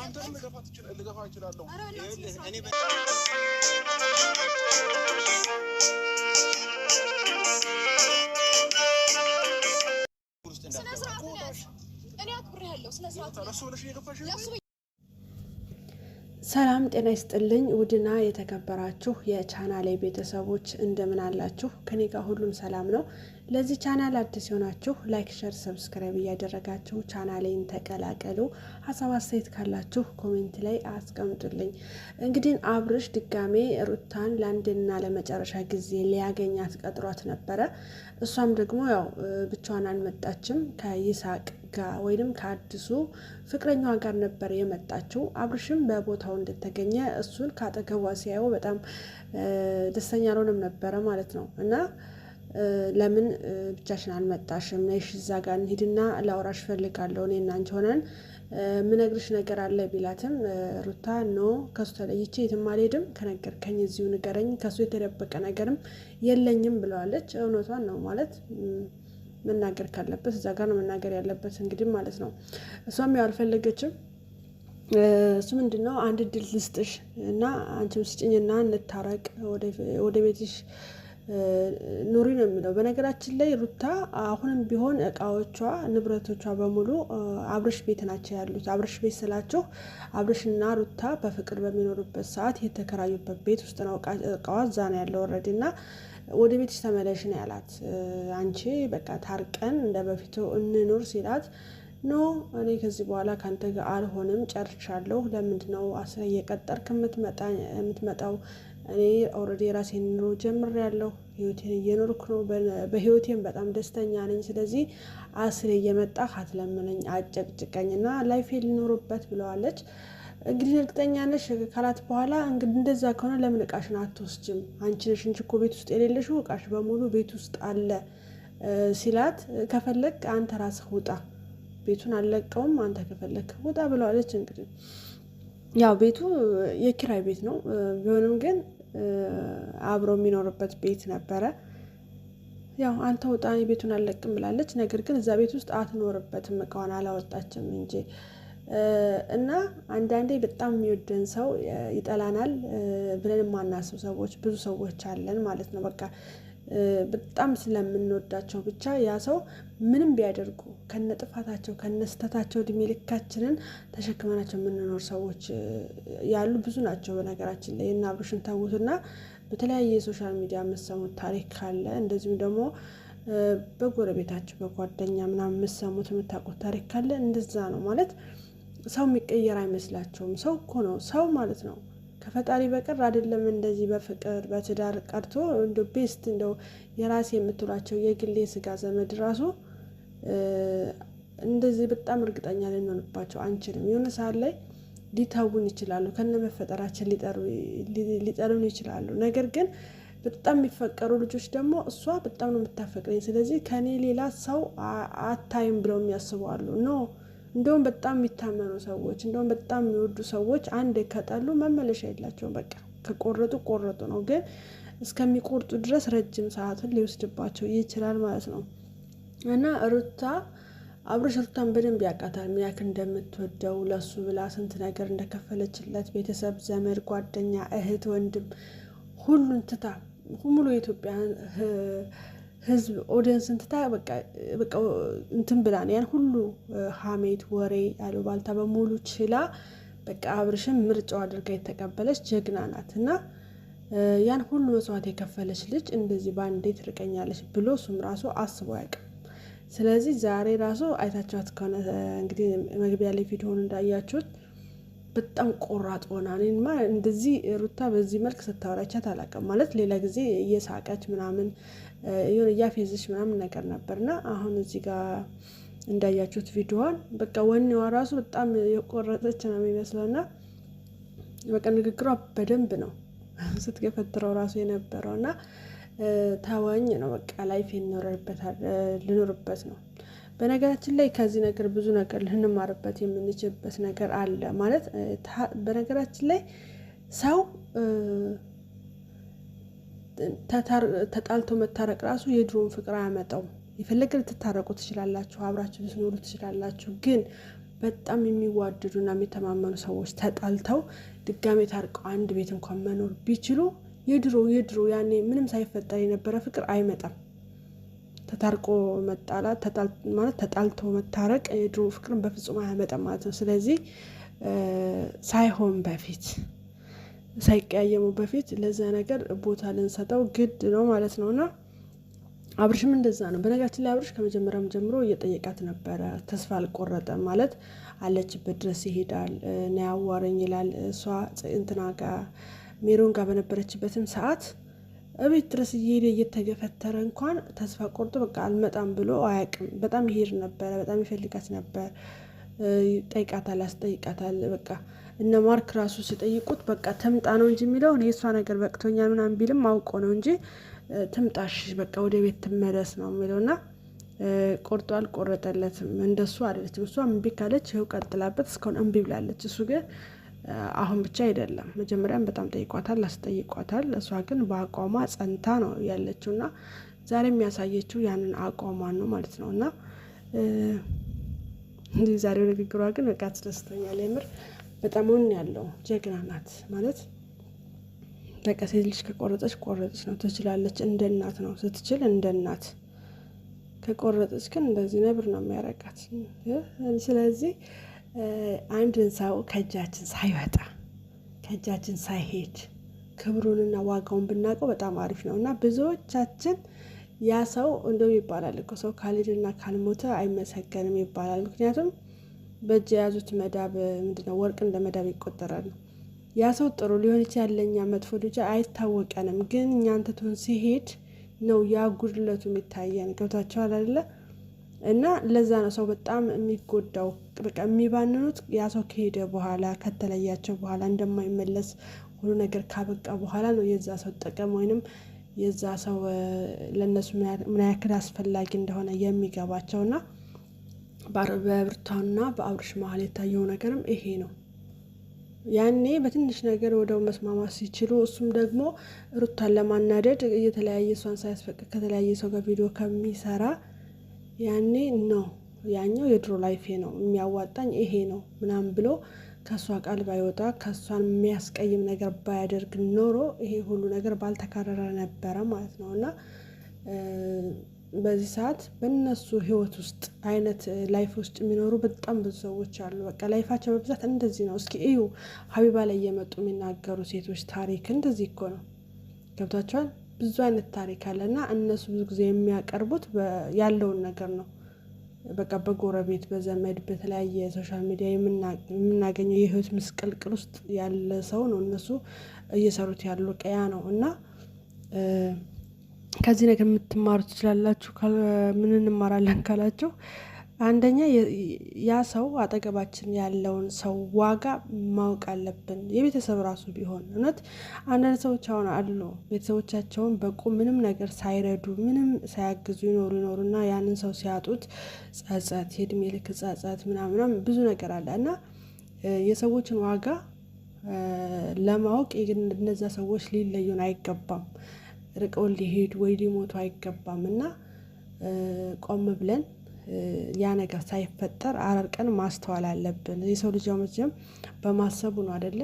አንተን ልገፋ እችላለሁ። ስነ ስርዓት እኔ አክብሬ ስነ ስርዓት ለሱ ሰላም ጤና ይስጥልኝ። ውድና የተከበራችሁ የቻናሌ ቤተሰቦች እንደምን አላችሁ? ከኔ ጋር ሁሉም ሰላም ነው። ለዚህ ቻናል አዲስ የሆናችሁ ላይክ፣ ሸር፣ ሰብስክራይብ እያደረጋችሁ ቻናሌን ተቀላቀሉ። ሀሳብ አስተያየት ካላችሁ ኮሜንት ላይ አስቀምጡልኝ። እንግዲህ አብርሽ ድጋሜ ሩታን ለአንድና ለመጨረሻ ጊዜ ሊያገኛት ቀጥሯት ነበረ። እሷም ደግሞ ያው ብቻዋን አልመጣችም ከይሳቅ ጋር ወይንም ከአዲሱ ፍቅረኛዋ ጋር ነበር የመጣችው። አብርሽም በቦታው እንደተገኘ እሱን ከአጠገቧ ሲያየው በጣም ደስተኛ አልሆነም ነበረ ማለት ነው። እና ለምን ብቻሽን አልመጣሽም? ነሽ እዛ ጋር እንሂድና ላውራሽ ፈልጋለሁ እኔ እና ሆነን ምነግርሽ ነገር አለ ቢላትም ሩታ ኖ ከሱ ተለይቼ የትም አልሄድም፣ ከነገርከኝ እዚሁ ንገረኝ፣ ከሱ የተደበቀ ነገርም የለኝም ብለዋለች። እውነቷን ነው ማለት መናገር ካለበት እዛ ጋር ነው መናገር ያለበት እንግዲህ ማለት ነው። እሷም ያው አልፈለገችም። እሱ ምንድን ነው አንድ እድል ልስጥሽ እና አንቺም ስጭኝና እንታረቅ ወደ ቤትሽ ኑሪ ነው የሚለው። በነገራችን ላይ ሩታ አሁንም ቢሆን እቃዎቿ፣ ንብረቶቿ በሙሉ አብረሽ ቤት ናቸው ያሉት። አብረሽ ቤት ስላችሁ አብረሽና ሩታ በፍቅር በሚኖሩበት ሰዓት የተከራዩበት ቤት ውስጥ ነው። እቃዋ እዛ ነው ያለው ወረድ እና ወደ ቤትሽ ተመለሽ ነው ያላት። አንቺ በቃ ታርቀን እንደ በፊቱ እንኖር ሲላት ኖ እኔ ከዚህ በኋላ ከአንተ ጋር አልሆንም፣ ጨርሻለሁ። ለምንድ ነው አስራ እየቀጠርክ የምትመጣው? እኔ ኦልሬዲ የራሴን ኑሮ ጀምሬያለሁ፣ ህይወቴን እየኖርኩ ነው። በህይወቴን በጣም ደስተኛ ነኝ። ስለዚህ አስሬ እየመጣህ አትለምነኝ፣ አጨቅጭቀኝ እና ላይፌ ልኖርበት ብለዋለች። እንግዲህ እርግጠኛ ነሽ ካላት በኋላ እንግዲህ እንደዛ ከሆነ ለምን እቃሽን አትወስጅም? አንቺ ነሽ እንጂ እኮ ቤት ውስጥ የሌለሽው እቃሽ በሙሉ ቤት ውስጥ አለ ሲላት፣ ከፈለግ አንተ ራስህ ውጣ፣ ቤቱን አልለቀውም፣ አንተ ከፈለግ ውጣ ብለዋለች። እንግዲህ ያው ቤቱ የኪራይ ቤት ነው ቢሆንም ግን አብሮ የሚኖርበት ቤት ነበረ። ያው አንተ ውጣ፣ ቤቱን አልለቅም ብላለች። ነገር ግን እዛ ቤት ውስጥ አትኖርበትም፣ እቃዋን አላወጣችም እንጂ እና አንዳንዴ በጣም የሚወደን ሰው ይጠላናል ብለን የማናስብ ሰዎች ብዙ ሰዎች አለን ማለት ነው። በቃ በጣም ስለምንወዳቸው ብቻ ያ ሰው ምንም ቢያደርጉ ከነ ጥፋታቸው ከነ ስህተታቸው እድሜ ልካችንን ተሸክመናቸው የምንኖር ሰዎች ያሉ ብዙ ናቸው። በነገራችን ላይ እና አብሮሽን ታውቱና በተለያየ የሶሻል ሚዲያ መሰሙት ታሪክ ካለ እንደዚሁም ደግሞ በጎረቤታቸው በጓደኛ ምናምን የምሰሙት የምታውቁት ታሪክ ካለ እንደዛ ነው ማለት ሰው የሚቀየር አይመስላቸውም። ሰው እኮ ነው ሰው ማለት ነው። ከፈጣሪ በቀር አይደለም እንደዚህ በፍቅር በትዳር ቀርቶ እንደ ቤስት እንደው የራሴ የምትሏቸው የግሌ ስጋ ዘመድ ራሱ እንደዚህ በጣም እርግጠኛ ልንሆንባቸው አንችልም። የሆነ ሰዓት ላይ ሊተውን ይችላሉ፣ ከነ መፈጠራችን ሊጠሉን ይችላሉ። ነገር ግን በጣም የሚፈቀሩ ልጆች ደግሞ እሷ በጣም ነው የምታፈቅረኝ፣ ስለዚህ ከእኔ ሌላ ሰው አታይም ብለው የሚያስቡ አሉ እንደውም በጣም የሚታመኑ ሰዎች እንደውም በጣም የሚወዱ ሰዎች አንድ ከጠሉ መመለሻ የላቸውም። በቃ ከቆረጡ ቆረጡ ነው። ግን እስከሚቆርጡ ድረስ ረጅም ሰዓትን ሊወስድባቸው ይችላል ማለት ነው እና ሩታ አብረሽ ሩታን በደንብ ያውቃታል። ምን ያክል እንደምትወደው ለሱ ብላ ስንት ነገር እንደከፈለችለት ቤተሰብ፣ ዘመድ፣ ጓደኛ፣ እህት፣ ወንድም ሁሉን ትታ ሙሉ የኢትዮጵያ ህዝብ ኦዲየንስን ትታ በቃ እንትን ብላ ያን ሁሉ ሀሜት፣ ወሬ፣ ባልታ በሙሉ ችላ በቃ አብርሽን ምርጫው አድርጋ የተቀበለች ጀግና ናት እና ያን ሁሉ መስዋዕት የከፈለች ልጅ እንደዚህ በአንዴ ትርቀኛለች ብሎ እሱም ራሱ አስቦ አያውቅም። ስለዚህ ዛሬ ራሱ አይታችኋት ከሆነ እንግዲህ መግቢያ ላይ ቪዲዮን እንዳያችሁት በጣም ቆራጥ ሆና እኔማ እንደዚህ ሩታ በዚህ መልክ ስታወራቻት አላውቅም። ማለት ሌላ ጊዜ እየሳቀች ምናምን የሆነ እያፌዘች ምናምን ነገር ነበርና አሁን እዚህ ጋር እንዳያችሁት ቪዲዮዋን በቃ ወኔዋ ራሱ በጣም የቆረጠች ነው የሚመስለውና በቃ ንግግሯ በደንብ ነው ስትገፈትረው ራሱ የነበረው የነበረውና ታዋኝ ነው በቃ ላይፍ ይኖርበታል ልኖርበት ነው በነገራችን ላይ ከዚህ ነገር ብዙ ነገር ልንማርበት የምንችልበት ነገር አለ ማለት በነገራችን ላይ ሰው ተጣልቶ መታረቅ ራሱ የድሮን ፍቅር አያመጣውም። የፈለገ ልትታረቁ ትችላላችሁ፣ አብራችሁ ልትኖሩ ትችላላችሁ። ግን በጣም የሚዋደዱና የሚተማመኑ ሰዎች ተጣልተው ድጋሜ ታርቀው አንድ ቤት እንኳን መኖር ቢችሉ የድሮ የድሮ ያኔ ምንም ሳይፈጠር የነበረ ፍቅር አይመጣም። ተታርቆ መጣላት ማለት ተጣልቶ መታረቅ የድሮ ፍቅርን በፍጹም አያመጣም ማለት ነው። ስለዚህ ሳይሆን በፊት ሳይቀያየሙ በፊት ለዛ ነገር ቦታ ልንሰጠው ግድ ነው ማለት ነው እና አብርሽም እንደዛ ነው። በነገራችን ላይ አብርሽ ከመጀመሪያም ጀምሮ እየጠየቃት ነበረ። ተስፋ አልቆረጠም ማለት አለችበት ድረስ ይሄዳል፣ ና ያዋረኝ ይላል። እሷ እንትና ሜሮን ጋር በነበረችበትም ሰዓት እቤት ድረስ እየሄደ እየተገፈተረ እንኳን ተስፋ ቆርጦ በቃ አልመጣም ብሎ አያውቅም። በጣም ይሄድ ነበረ፣ በጣም ይፈልጋት ነበር። ጠይቃታል፣ አስጠይቃታል። በቃ እነ ማርክ ራሱ ሲጠይቁት በቃ ተምጣ ነው እንጂ የሚለው እኔ የእሷ ነገር በቅቶኛል ምናምን ቢልም አውቆ ነው እንጂ ትምጣሽ፣ በቃ ወደ ቤት ትመለስ ነው የሚለውና ቆርጦ አልቆረጠለትም። እንደሱ አይደለችም። እሷ እምቢ ካለች ይኸው ቀጥላበት፣ እስካሁን እምቢ ብላለች። እሱ ግን አሁን ብቻ አይደለም። መጀመሪያም በጣም ጠይቋታል፣ አስጠይቋታል። እሷ ግን በአቋሟ ጸንታ ነው ያለችው እና ዛሬ የሚያሳየችው ያንን አቋሟን ነው ማለት ነው እና እንዲህ ዛሬው ንግግሯ ግን በቃ አስደስተኛል። የምር በጣም ሆን ያለው ጀግና ናት ማለት በቃ ሴት ልጅ ከቆረጠች ቆረጠች ነው። ትችላለች፣ እንደ እናት ነው ስትችል፣ እንደ እናት ከቆረጠች ግን እንደዚህ ነብር ነው የሚያረጋት። ስለዚህ አንድን ሰው ከእጃችን ሳይወጣ ከእጃችን ሳይሄድ ክብሩንና ዋጋውን ብናውቀው በጣም አሪፍ ነው እና ብዙዎቻችን ያ ሰው እንደውም ይባላል እኮ ሰው ካልሄደና ካልሞተ አይመሰገንም ይባላል። ምክንያቱም በእጅ የያዙት መዳብ ምንድነው ወርቅ እንደ መዳብ ይቆጠራል። ያ ሰው ጥሩ ሊሆን ይችላል፣ ለእኛ መጥፎ ልጅ አይታወቀንም። ግን እኛን ትቶን ሲሄድ ነው ያ ጉድለቱ የሚታየን። ገብታችኋል አይደለ? እና ለዛ ነው ሰው በጣም የሚጎዳው። በቃ የሚባንኑት ያ ሰው ከሄደ በኋላ ከተለያቸው በኋላ እንደማይመለስ ሁሉ ነገር ካበቃ በኋላ ነው የዛ ሰው ጥቅም ወይንም የዛ ሰው ለእነሱ ምን ያክል አስፈላጊ እንደሆነ የሚገባቸውና በብርቷና በአብርሽ መሀል የታየው ነገርም ይሄ ነው። ያኔ በትንሽ ነገር ወደው መስማማት ሲችሉ እሱም ደግሞ ሩታን ለማናደድ እየተለያየ እሷን ሳያስፈቅድ ከተለያየ ሰው ጋር ቪዲዮ ከሚሰራ ያኔ ነው ያኛው የድሮ ላይፌ ነው የሚያዋጣኝ ይሄ ነው ምናምን ብሎ ከእሷ ቃል ባይወጣ ከእሷን የሚያስቀይም ነገር ባያደርግ ኖሮ ይሄ ሁሉ ነገር ባልተካረረ ነበረ ማለት ነው። እና በዚህ ሰዓት በእነሱ ህይወት ውስጥ አይነት ላይፍ ውስጥ የሚኖሩ በጣም ብዙ ሰዎች አሉ። በቃ ላይፋቸው በብዛት እንደዚህ ነው። እስኪ እዩ ሀቢባ ላይ እየመጡ የሚናገሩ ሴቶች ታሪክ እንደዚህ እኮ ነው። ገብታቸዋል ብዙ አይነት ታሪክ አለ እና እነሱ ብዙ ጊዜ የሚያቀርቡት ያለውን ነገር ነው። በቃ በጎረቤት በዘመድ በተለያየ ሶሻል ሚዲያ የምናገኘው የህይወት ምስቅልቅል ውስጥ ያለ ሰው ነው እነሱ እየሰሩት ያሉ ቀያ ነው እና ከዚህ ነገር የምትማሩ ትችላላችሁ። ምን እንማራለን ካላችሁ አንደኛ ያ ሰው አጠገባችን ያለውን ሰው ዋጋ ማወቅ አለብን። የቤተሰብ ራሱ ቢሆን እውነት አንዳንድ ሰዎች አሁን አሉ ቤተሰቦቻቸውን በቁ ምንም ነገር ሳይረዱ ምንም ሳያግዙ ይኖሩ ይኖሩና ያንን ሰው ሲያጡት ጸጸት፣ የእድሜ ልክ ጸጸት ምናምናም ብዙ ነገር አለ እና የሰዎችን ዋጋ ለማወቅ እነዛ ሰዎች ሊለዩን አይገባም። ርቀውን ሊሄዱ ወይ ሊሞቱ አይገባም እና ቆም ብለን ያ ነገር ሳይፈጠር አርቀን ማስተዋል አለብን። የሰው ልጅ መቼም በማሰቡ ነው አደለ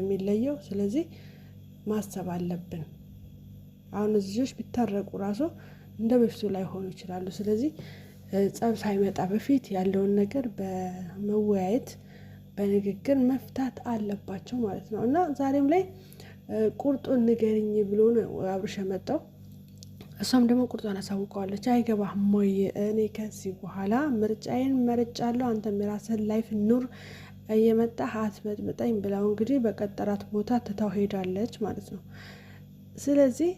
የሚለየው። ስለዚህ ማሰብ አለብን። አሁን ልጆች ቢታረቁ ራሱ እንደ በፊቱ ላይሆኑ ይችላሉ። ስለዚህ ጸብ ሳይመጣ በፊት ያለውን ነገር በመወያየት በንግግር መፍታት አለባቸው ማለት ነው እና ዛሬም ላይ ቁርጡን ንገርኝ ብሎ ነው አብርሽ የመጣው። እሷም ደግሞ ቁርጧን አሳውቀዋለች። አይገባህም ወይ እኔ ከዚህ በኋላ ምርጫዬን መርጫለሁ፣ አንተም የራስህን ላይፍ ኑር እየመጣ አትበጥብጠኝ ብላው እንግዲህ በቀጠራት ቦታ ትታው ሄዳለች ማለት ነው። ስለዚህ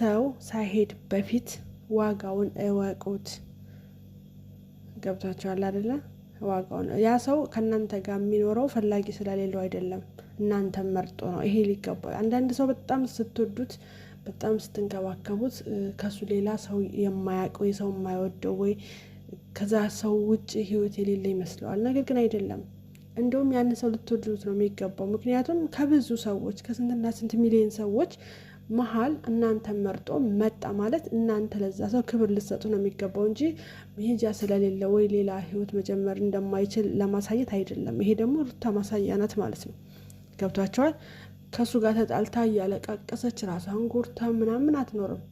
ሰው ሳይሄድ በፊት ዋጋውን እወቁት። ገብቷቸዋል አደለ? ዋጋውን ያ ሰው ከእናንተ ጋር የሚኖረው ፈላጊ ስለሌለው አይደለም። እናንተን መርጦ ነው ይሄ ሊገባል። አንዳንድ ሰው በጣም ስትወዱት በጣም ስትንከባከቡት ከሱ ሌላ ሰው የማያውቅ ወይ ሰው የማይወደው ወይ ከዛ ሰው ውጭ ህይወት የሌለ ይመስለዋል። ነገር ግን አይደለም። እንደውም ያን ሰው ልትወዱት ነው የሚገባው። ምክንያቱም ከብዙ ሰዎች ከስንትና ስንት ሚሊዮን ሰዎች መሀል እናንተ መርጦ መጣ ማለት እናንተ ለዛ ሰው ክብር ልትሰጡ ነው የሚገባው እንጂ መሄጃ ስለሌለ ወይ ሌላ ህይወት መጀመር እንደማይችል ለማሳየት አይደለም። ይሄ ደግሞ ሩታ ማሳያ ናት ማለት ነው። ገብቷቸዋል። ከእሱ ጋር ተጣልታ እያለቃቀሰች ራሷን ጎርታ ምናምን አትኖርም።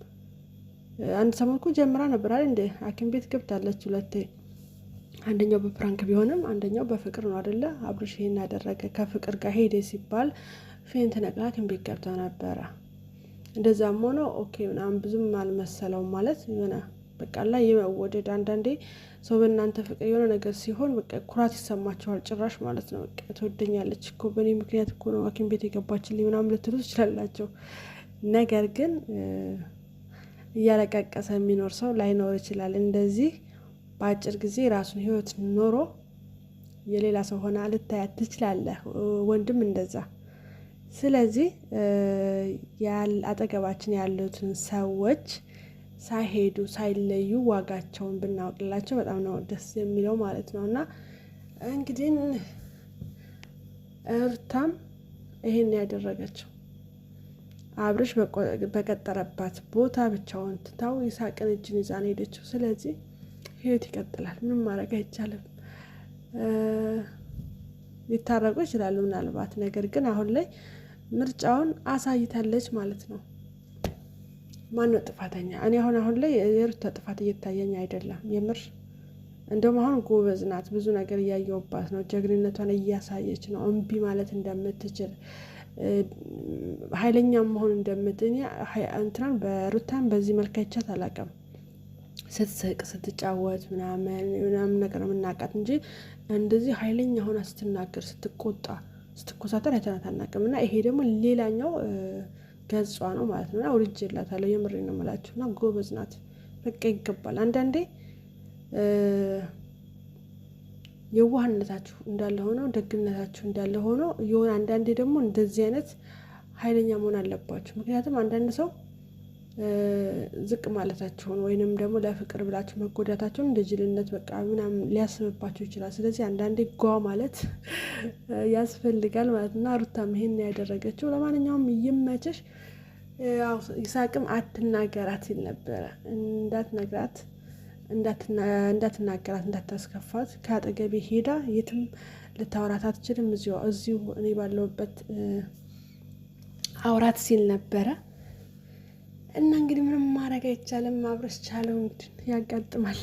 አንድ ሰሞን እኮ ጀምራ ነበር እንደ ሐኪም ቤት ገብታለች ሁለቴ። አንደኛው በፕራንክ ቢሆንም አንደኛው በፍቅር ነው አደለ? አብርሽ ይሄን ያደረገ ከፍቅር ጋር ሄደ ሲባል ፌን ተነቅላ ሐኪም ቤት ገብታ ነበረ። እንደዛም ሆኖ ኦኬ ምናምን ብዙም አልመሰለውም ማለት የሆነ ላይ የመወደድ አንዳንዴ ሰው በእናንተ ፍቅር የሆነ ነገር ሲሆን በቃ ኩራት ይሰማቸዋል ጭራሽ ማለት ነው። በቃ ትወደኛለች እኮ በእኔ ምክንያት እኮ ነው ሐኪም ቤት የገባችን ምናምን ልትሉ ትችላላቸው። ነገር ግን እያለቀቀሰ የሚኖር ሰው ላይኖር ይችላል። እንደዚህ በአጭር ጊዜ ራሱን ህይወት ኖሮ የሌላ ሰው ሆና ልታያት ትችላለህ። ወንድም እንደዛ ስለዚህ አጠገባችን ያሉትን ሰዎች ሳይሄዱ ሳይለዩ ዋጋቸውን ብናውቅላቸው በጣም ነው ደስ የሚለው ማለት ነው። እና እንግዲህ እርታም ይሄን ያደረገችው አብርሽ በቀጠረባት ቦታ ብቻውን ትታው ይሳቅን እጅን ይዛን ሄደችው። ስለዚህ ህይወት ይቀጥላል፣ ምንም ማድረግ አይቻልም። ሊታረቁ ይችላሉ ምናልባት፣ ነገር ግን አሁን ላይ ምርጫውን አሳይታለች ማለት ነው። ማነው ጥፋተኛ? እኔ አሁን አሁን ላይ የሩታ ጥፋት እየታየኝ አይደለም። የምር እንደውም አሁን ጎበዝ ናት፣ ብዙ ነገር እያየውባት ነው። ጀግንነቷን እያሳየች ነው። እምቢ ማለት እንደምትችል ኃይለኛ መሆን እንደምትል እንትናን በሩታን በዚህ መልክ አይቻት አላውቅም። ስትስቅ ስትጫወት ምናምን ምናምን ነገር የምናውቃት እንጂ እንደዚህ ኃይለኛ ሆና ስትናገር ስትቆጣ ስትኮሳተር አይተናት አናውቅም። እና ይሄ ደግሞ ሌላኛው ገጿ ነው ማለት ነው። ወድጄላታለሁ የምሬ ነው የምላችሁ። እና ጎበዝ ናት በቃ ይገባል። አንዳንዴ የዋህነታችሁ እንዳለ ሆኖ ደግነታችሁ እንዳለ ሆኖ የሆነ አንዳንዴ ደግሞ እንደዚህ አይነት ኃይለኛ መሆን አለባችሁ። ምክንያቱም አንዳንድ ሰው ዝቅ ማለታቸውን ወይንም ደግሞ ለፍቅር ብላቸው መጎዳታቸውን እንደ ጅልነት በቃ ምናምን ሊያስብባቸው ይችላል። ስለዚህ አንዳንዴ ጓ ማለት ያስፈልጋል ማለት እና ሩታም ይሄን ያደረገችው ለማንኛውም ይመችሽ። ይሳቅም አትናገራት ሲል ነበረ። እንዳትነግራት፣ እንዳትናገራት፣ እንዳታስከፋት ከአጠገቤ ሄዳ የትም ልታወራት አትችልም፣ እዚሁ እኔ ባለሁበት አውራት ሲል ነበረ። እና እንግዲህ ምንም ማድረግ አይቻልም። አብረስ ቻለው ያጋጥማል።